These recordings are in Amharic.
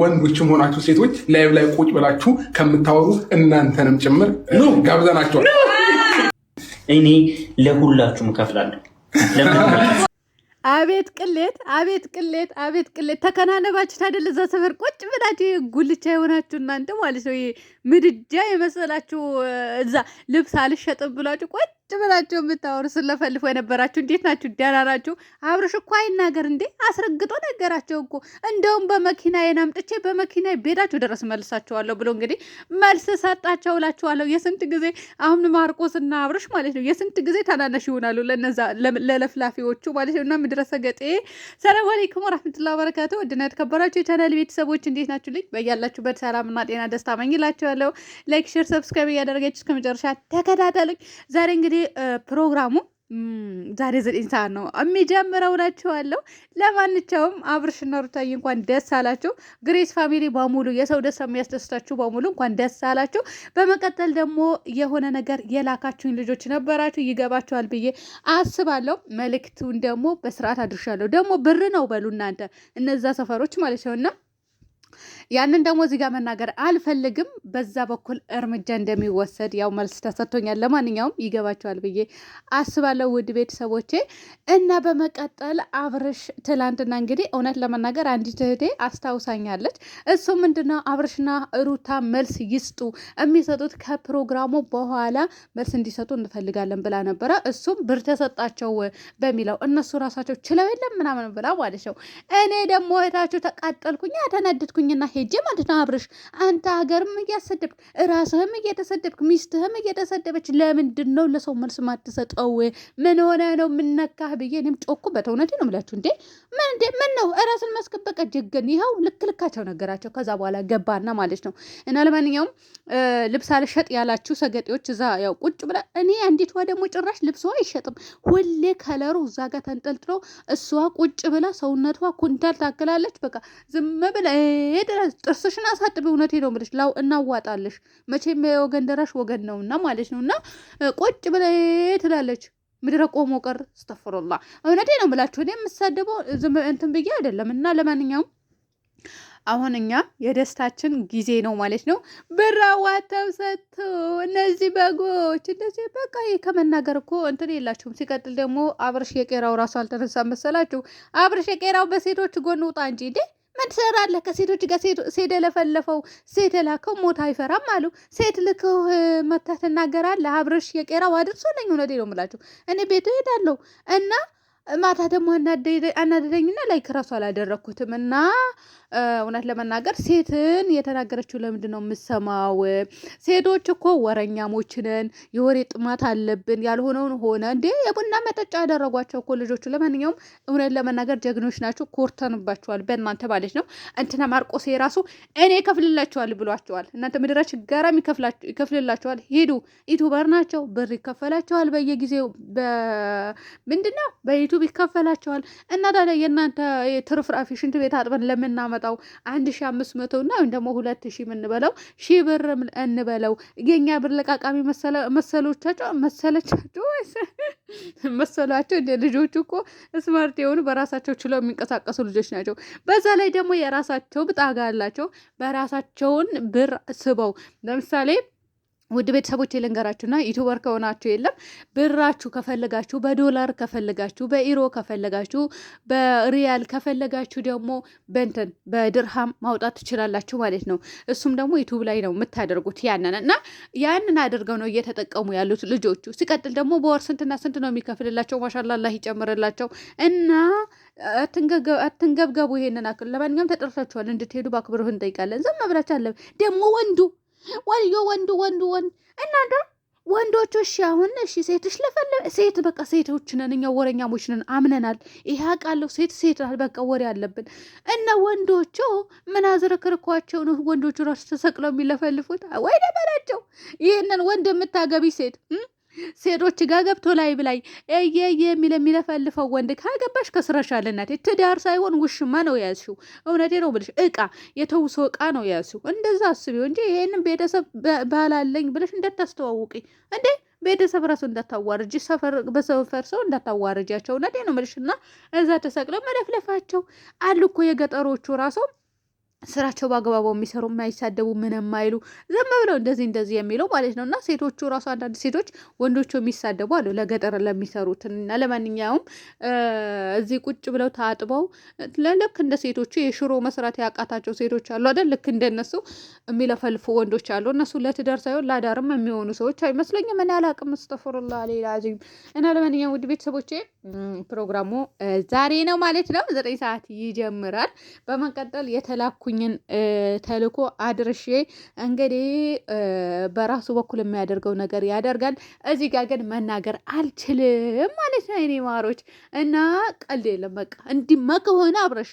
ወንዶችም ሆናችሁ ሴቶች ላይቭ ላይ ቁጭ ብላችሁ ከምታወሩ እናንተንም ጭምር ጋብዘናቸዋል እኔ ለሁላችሁም እከፍላለሁ። አቤት ቅሌት! አቤት ቅሌት! አቤት ቅሌት! ተከናነባችሁ ታደል እዛ ሰፈር ቁጭ ብላችሁ ጉልቻ የሆናችሁ እናንተ ማለት ነው። ምድጃ የመሰላችሁ እዛ ልብስ አልሸጥም ብላችሁ ቁጭ ቁጭ ብላችሁ የምታወሩ ስለፈልፎ የነበራችሁ እንዴት ናችሁ? ደህና ናችሁ? አብርሽ እኮ አይናገር እንዴ አስረግጦ ነገራቸው እኮ እንደውም በመኪና የናምጥቼ በመኪና ቤታችሁ ድረስ መልሳቸዋለሁ ብሎ እንግዲህ መልስ ሰጣቸው እላችኋለሁ። የስንት ጊዜ አሁን ማርቆስና አብርሽ ማለት ነው የስንት ጊዜ ታናነሽ ይሆናሉ ለነዛ ለለፍላፊዎቹ ማለት ነው። እና ምድረሰ ገጤ ሰላም አለይኩም ወራህመቱላሂ ወበረካቱ። ውድና የተከበራችሁ የቻናል ቤተሰቦች እንዴት ናችሁ? ልጅ በያላችሁበት ሰላምና ጤና ደስታ መኝላችኋለሁ። ላይክ፣ ሼር፣ ሰብስክራይብ እያደረጋችሁ እስከመጨረሻ ተከታተሉኝ። ዛሬ እንግዲህ እንግዲህ ፕሮግራሙ ዛሬ ዘጠኝ ሰዓት ነው የሚጀምረው ናቸዋለሁ። ለማንኛውም አብርሽና ሩታዬ እንኳን ደስ አላችሁ። ግሬስ ፋሚሊ በሙሉ የሰው ደስታ የሚያስደስታችሁ በሙሉ እንኳን ደስ አላችሁ። በመቀጠል ደግሞ የሆነ ነገር የላካችሁኝ ልጆች ነበራችሁ፣ ይገባችኋል ብዬ አስባለሁ። መልእክቱን ደግሞ በስርዓት አድርሻለሁ። ደግሞ ብር ነው በሉ እናንተ እነዛ ሰፈሮች ማለት ነውና ያንን ደግሞ እዚህ ጋር መናገር አልፈልግም። በዛ በኩል እርምጃ እንደሚወሰድ ያው መልስ ተሰጥቶኛል። ለማንኛውም ይገባቸዋል ብዬ አስባለሁ ውድ ቤተሰቦቼ እና በመቀጠል አብርሽ ትላንትና እንግዲህ እውነት ለመናገር አንዲት እህቴ አስታውሳኛለች። እሱ ምንድነው አብርሽና ሩታ መልስ ይስጡ የሚሰጡት ከፕሮግራሙ በኋላ መልስ እንዲሰጡ እንፈልጋለን ብላ ነበረ። እሱም ብር ተሰጣቸው በሚለው እነሱ ራሳቸው ችለው የለም ምናምን ብላ ማለት ነው። እኔ ደግሞ እህታችሁ ተቃጠልኩኝ ተነድድኩኝና ሄጄ ማለት ነው። አብርሽ አንተ ሀገርም እያሰደብክ እራስህም እየተሰደብክ ሚስትህም እየተሰደበች ለምንድን ነው ለሰው መልስ ማትሰጠው? ምን ሆነ ነው የምነካህ ብዬ እኔም ጮኩ። በተውነት ነው የምላችሁ። እንዴ ምን እንዴ ምን ነው እራስን መስከበቀ ጀገን ይኸው ልክ ልካቸው ነገራቸው። ከዛ በኋላ ገባና ማለት ነው። እና ለማንኛውም ልብስ አልሸጥ ያላችሁ ሰገጤዎች እዛ ያው ቁጭ ብላ እኔ አንዲቷ ደግሞ ጭራሽ ልብሷ አይሸጥም ሁሌ ከለሩ እዛ ጋር ተንጠልጥሎ እሷ ቁጭ ብላ ሰውነቷ ኩንታል ታክላለች። በቃ ዝም ብላ ጥርስሽን አሳጥቢ። እውነቴ ነው የምልሽ። ላው እናዋጣልሽ። መቼም የወገን ደራሽ ወገን ነውና ማለት ነው እና ቆጭ ብላ ትላለች። ምድረ ቆሞ ቀር ስተፍሮላ እውነቴ ነው የምላችሁ። እኔ የምሳደበው እንትን ብዬ አይደለም እና ለማንኛውም አሁን እኛ የደስታችን ጊዜ ነው ማለት ነው። ብር አዋተው ሰጥቶ እነዚህ በጎች እንደዚህ በቃ ከመናገር እኮ እንትን የላችሁም። ሲቀጥል ደግሞ አብርሽ የቄራው ራሱ አልተነሳ መሰላችሁ? አብርሽ የቄራው በሴቶች ጎን ውጣ እንጂ እንዴ ምን ትሰራለህ? ከሴቶች ጋር ሴት የለፈለፈው ሴት የላከው ሞት አይፈራም አሉ። ሴት ልክህ መታ ትናገራለህ። አብረሽ የቄራው አድርሶ ነኝ። እውነቴ ነው የምላችሁ እኔ ቤቱ ሄዳለሁ እና ማታ ደግሞ አናደደኝና ላይክ ራሱ አላደረግኩትም እና እውነት ለመናገር ሴትን የተናገረችው ለምንድን ነው የምሰማው? ሴቶች እኮ ወረኛሞች ነን፣ የወሬ ጥማት አለብን። ያልሆነውን ሆነ እንዴ የቡና መጠጫ ያደረጓቸው እኮ ልጆቹ። ለማንኛውም እውነት ለመናገር ጀግኖች ናቸው፣ ኮርተንባቸዋል። በእናንተ ባለች ነው እንትና ማርቆሴ የራሱ እኔ ይከፍልላቸዋል ብሏቸዋል። እናንተ ምድረ ችጋራም ይከፍልላቸዋል። ሄዱ ዩቱበር ናቸው፣ ብር ይከፈላቸዋል በየጊዜው ምንድነው በዩቱብ ይከፈላቸዋል። እና ታዲያ የእናንተ ትርፍራፊ ሽንት ቤት አጥበን ለምናመ የምታመጣው አንድ ሺ አምስት መቶ እና ወይም ደግሞ ሁለት ሺ የምንበለው ሺ ብር እንበለው የኛ ብር ለቃቃሚ መሰሎቻቸው መሰለቻቸው መሰሏቸው እንደ ልጆቹ እኮ ስማርት የሆኑ በራሳቸው ችለው የሚንቀሳቀሱ ልጆች ናቸው። በዛ ላይ ደግሞ የራሳቸው ብጣጋ አላቸው። በራሳቸውን ብር ስበው ለምሳሌ ውድ ቤተሰቦች ልንገራችሁና ዩቱበር ከሆናችሁ የለም ብራችሁ ከፈለጋችሁ በዶላር ከፈለጋችሁ በኢሮ ከፈለጋችሁ በሪያል ከፈለጋችሁ ደግሞ በንትን በድርሃም ማውጣት ትችላላችሁ ማለት ነው። እሱም ደግሞ ዩቱብ ላይ ነው የምታደርጉት ያንን እና ያንን አድርገው ነው እየተጠቀሙ ያሉት ልጆቹ። ሲቀጥል ደግሞ በወር ስንትና ስንት ነው የሚከፍልላቸው? ማሻላ አላህ ይጨምርላቸው እና አትንገብገቡ። ይሄንን አክል ለማንኛውም ተጠርታችኋል እንድትሄዱ በአክብሮት እንጠይቃለን። ዝም ብላችሁ አለ ደግሞ ወንዱ ወልዮ ወንዱ ወንዱ ወንድ እናንተ ወንዶቹ እሺ፣ አሁን እሺ፣ ሴትሽ ለፈለ ሴት በቃ ሴቶች ነን እኛ ወረኛሞች ነን፣ አምነናል። ይሄ አውቃለሁ። ሴት ሴት በቃ ወሬ አለብን እነ ወንዶቹ ምን አዝረክርኳቸው ነው? ወንዶቹ ራሱ ተሰቅለው የሚለፈልፉት ወይ ነበራቸው። ይህንን ወንድ የምታገቢ ሴት ሴቶች ጋር ገብቶ ላይ ብላይ እየየ የሚል የሚለፈልፈው ወንድ ካገባሽ ከስረሻል እናቴ። ትዳር ሳይሆን ውሽማ ነው የያዝሽው። እውነቴ ነው ብልሽ እቃ የተውሶ እቃ ነው የያዝሽው። እንደዛ አስቢው እንጂ ይህንም ቤተሰብ ባላለኝ ብለሽ እንዳታስተዋውቂ እንዴ ቤተሰብ ራሱ እንዳታዋርጅ፣ በሰፈር ሰው እንዳታዋርጃቸው። እውነቴ ነው የምልሽ እና እዛ ተሰቅለው መለፍለፋቸው አሉ እኮ የገጠሮቹ ራሱ ስራቸው በአግባቡ የሚሰሩ የማይሳደቡ ምን የማይሉ ዝም ብለው እንደዚህ እንደዚህ የሚለው ማለት ነው። እና ሴቶቹ ራሱ አንዳንድ ሴቶች ወንዶቹ የሚሳደቡ አሉ ለገጠር ለሚሰሩት እና ለማንኛውም እዚህ ቁጭ ብለው ታጥበው ልክ እንደ ሴቶቹ የሽሮ መስራት ያቃታቸው ሴቶች አሉ አይደል? ልክ እንደነሱ የሚለፈልፉ ወንዶች አሉ። እነሱ ለትዳር ሳይሆን ላዳርም የሚሆኑ ሰዎች አይመስለኝም። እኔ አላቅም። እስተፍሩላ ሌላ ዚም እና ለማንኛውም ውድ ቤተሰቦቼ ፕሮግራሙ ዛሬ ነው ማለት ነው። ዘጠኝ ሰዓት ይጀምራል። በመቀጠል የተላኩኝ የሰጠኝን ተልእኮ አድርሼ እንግዲህ በራሱ በኩል የሚያደርገው ነገር ያደርጋል። እዚህ ጋር ግን መናገር አልችልም ማለት ነው የኔ ማሮች እና ቀልድ የለም። በቃ እንዲማ ከሆነ አብረሽ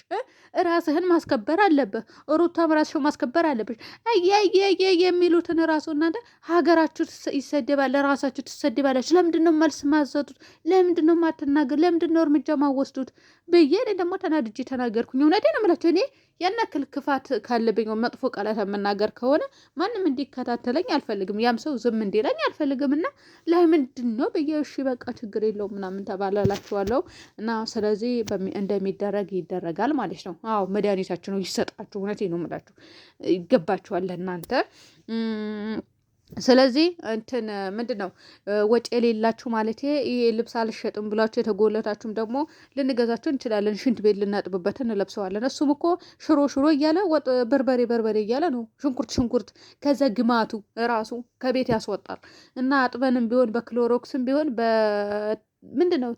ራስህን ማስከበር አለብህ። ሩታም ራስሽው ማስከበር አለብሽ። እየየየ የሚሉትን ራሱ እናንተ ሀገራችሁ ይሰደባል፣ ራሳችሁ ትሰደባለች። ለምንድን መልስ ማሰጡት? ለምንድን ማትናገር? ለምንድን እርምጃ ማወስዱት ብዬ ደግሞ ተናድጄ ተናገርኩኝ። እውነቴን ነው የምላቸው እኔ ያን ያክል ክፋት ካለብኝ መጥፎ ቃላት የምናገር ከሆነ ማንም እንዲከታተለኝ አልፈልግም። ያም ሰው ዝም እንዲለኝ አልፈልግም። እና ለምንድን ነው ብዬ እሺ በቃ ችግር የለው ምናምን ተባላላችኋለሁ። እና ስለዚህ እንደሚደረግ ይደረጋል ማለት ነው። አዎ መድኃኒታችሁ ነው ይሰጣችሁ። እውነቴ ነው የምላችሁ ይገባችኋል ለእናንተ ስለዚህ እንትን ምንድን ነው ወጪ የሌላችሁ ማለት ይሄ ልብስ አልሸጥም ብላችሁ የተጎለታችሁም ደግሞ ልንገዛችሁ እንችላለን። ሽንት ቤት ልናጥብበት እንለብሰዋለን። እሱም እኮ ሽሮ ሽሮ እያለ ወጥ በርበሬ በርበሬ እያለ ነው፣ ሽንኩርት ሽንኩርት። ከዛ ግማቱ ራሱ ከቤት ያስወጣል እና አጥበንም ቢሆን በክሎሮክስም ቢሆን በ ምንድን ነው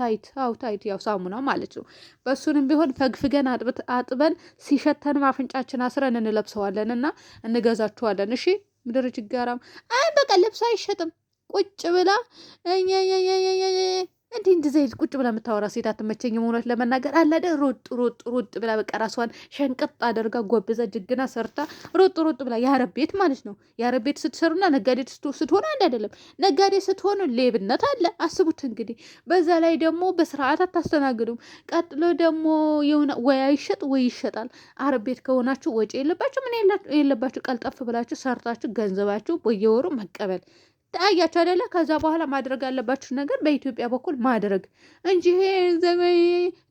ታይት? አው ታይት፣ ያው ሳሙና ማለት ነው። በእሱንም ቢሆን ፈግፍገን አጥበን ሲሸተንም አፍንጫችን አስረን እንለብሰዋለን እና እንገዛችኋለን። እሺ ምድር ችጋራም። አይ በቃ ልብስ አይሸጥም ቁጭ ብላ እንዲህ እንደዚህ ቁጭ ብላ የምታወራ ሴት አትመቸኝ። እውነት ለመናገር አላደ ሮጥ ሮጥ ሮጥ ብላ በቃ ራሷን ሸንቅጥ አድርጋ ጎብዛ ጅግና ሰርታ ሮጥ ሮጥ ብላ የአረብ ቤት ማለት ነው። የአረብ ቤት ስትሰሩና ነጋዴ ስትሆኑ አንድ አይደለም። ነጋዴ ስትሆኑ ሌብነት አለ። አስቡት እንግዲህ። በዛ ላይ ደግሞ በስርዓት አታስተናግዱም። ቀጥሎ ደግሞ የሆነ ወይ አይሸጥ ወይ ይሸጣል። አረብ ቤት ከሆናችሁ ወጪ የለባችሁ ምን የለባችሁ። ቀልጠፍ ብላችሁ ሰርታችሁ ገንዘባችሁ በየወሩ መቀበል አያችሁ አይደለ? ከዛ በኋላ ማድረግ ያለባችሁ ነገር በኢትዮጵያ በኩል ማድረግ እንጂ ይሄ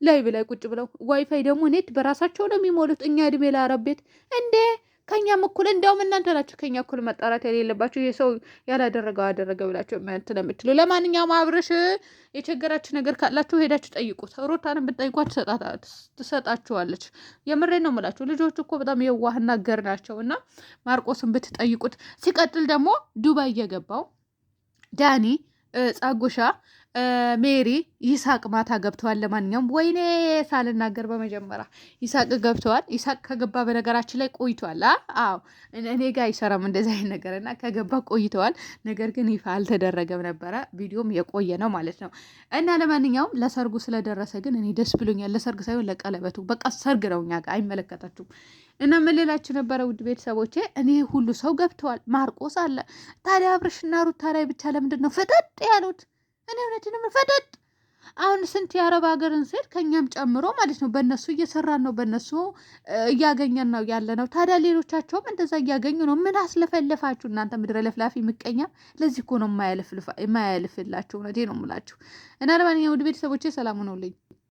ላይ ብላይ ቁጭ ብለው ዋይፋይ ደግሞ ኔት በራሳቸው ነው የሚሞሉት። እኛ እድሜ ለአረብ ቤት እንዴ ከኛም እኩል እንዲያውም እናንተ ናቸው ከኛ እኩል መጣራት የሌለባችሁ የሰው ያላደረገው አደረገ ብላችሁ እንትን የምትሉ። ለማንኛውም አብርሽ የቸገራችሁ ነገር ካላችሁ ሄዳችሁ ጠይቁት። ሮታን ብትጠይቋት ትሰጣችኋለች። የምሬ ነው የምላችሁ። ልጆቹ እኮ በጣም የዋህና ገር ናቸው። እና ማርቆስን ብትጠይቁት። ሲቀጥል ደግሞ ዱባይ የገባው ዳኒ ጻጉሻ ሜሪ ይሳቅ ማታ ገብተዋል። ለማንኛውም ወይኔ ሳልናገር በመጀመሪያ ይሳቅ ገብተዋል። ይሳቅ ከገባ በነገራችን ላይ ቆይተዋል። አዎ እኔ ጋር አይሰራም እንደዚህ አይነት ነገር እና ከገባ ቆይተዋል። ነገር ግን ይፋ አልተደረገም ነበረ። ቪዲዮም የቆየ ነው ማለት ነው። እና ለማንኛውም ለሰርጉ ስለደረሰ ግን እኔ ደስ ብሎኛል። ለሰርግ ሳይሆን ለቀለበቱ በቃ ሰርግ ነው። እኛ ጋር አይመለከታችሁም። እና ምን ነበረ ውድ ቤተሰቦቼ፣ እኔ ሁሉ ሰው ገብተዋል። ማርቆስ አለ። ታዲያ አብርሽና ሩታ ላይ ብቻ ለምንድን ነው ፈጠጥ ያሉት? እኔ እውነትንም ፈደጥ አሁን ስንት የአረብ ሀገርን ሴት ከእኛም ጨምሮ ማለት ነው በእነሱ እየሰራን ነው፣ በእነሱ እያገኘን ነው ያለ ነው። ታዲያ ሌሎቻቸውም እንደዛ እያገኙ ነው። ምን አስለፈለፋችሁ እናንተ ምድረ ለፍላፊ ምቀኛ? ለዚህ እኮ ነው የማያልፍላችሁ። እውነቴ ነው የምላችሁ። እና ለማንኛውም ውድ ቤተሰቦቼ ሰላም ሆነውልኝ